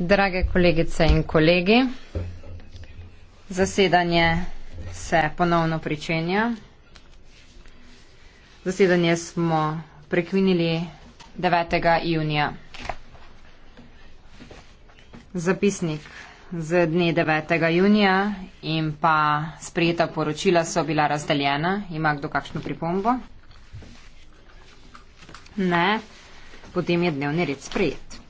Drage kolegice in kolegi, zasedanje se ponovno pričenja. Zasedanje smo prekvinili 9. junija. Zapisnik z dne 9. junija in pa sprejeta poročila so bila razdeljena. Ima kdo kakšno pripombo? Ne. Potem je dnevni red sprejet.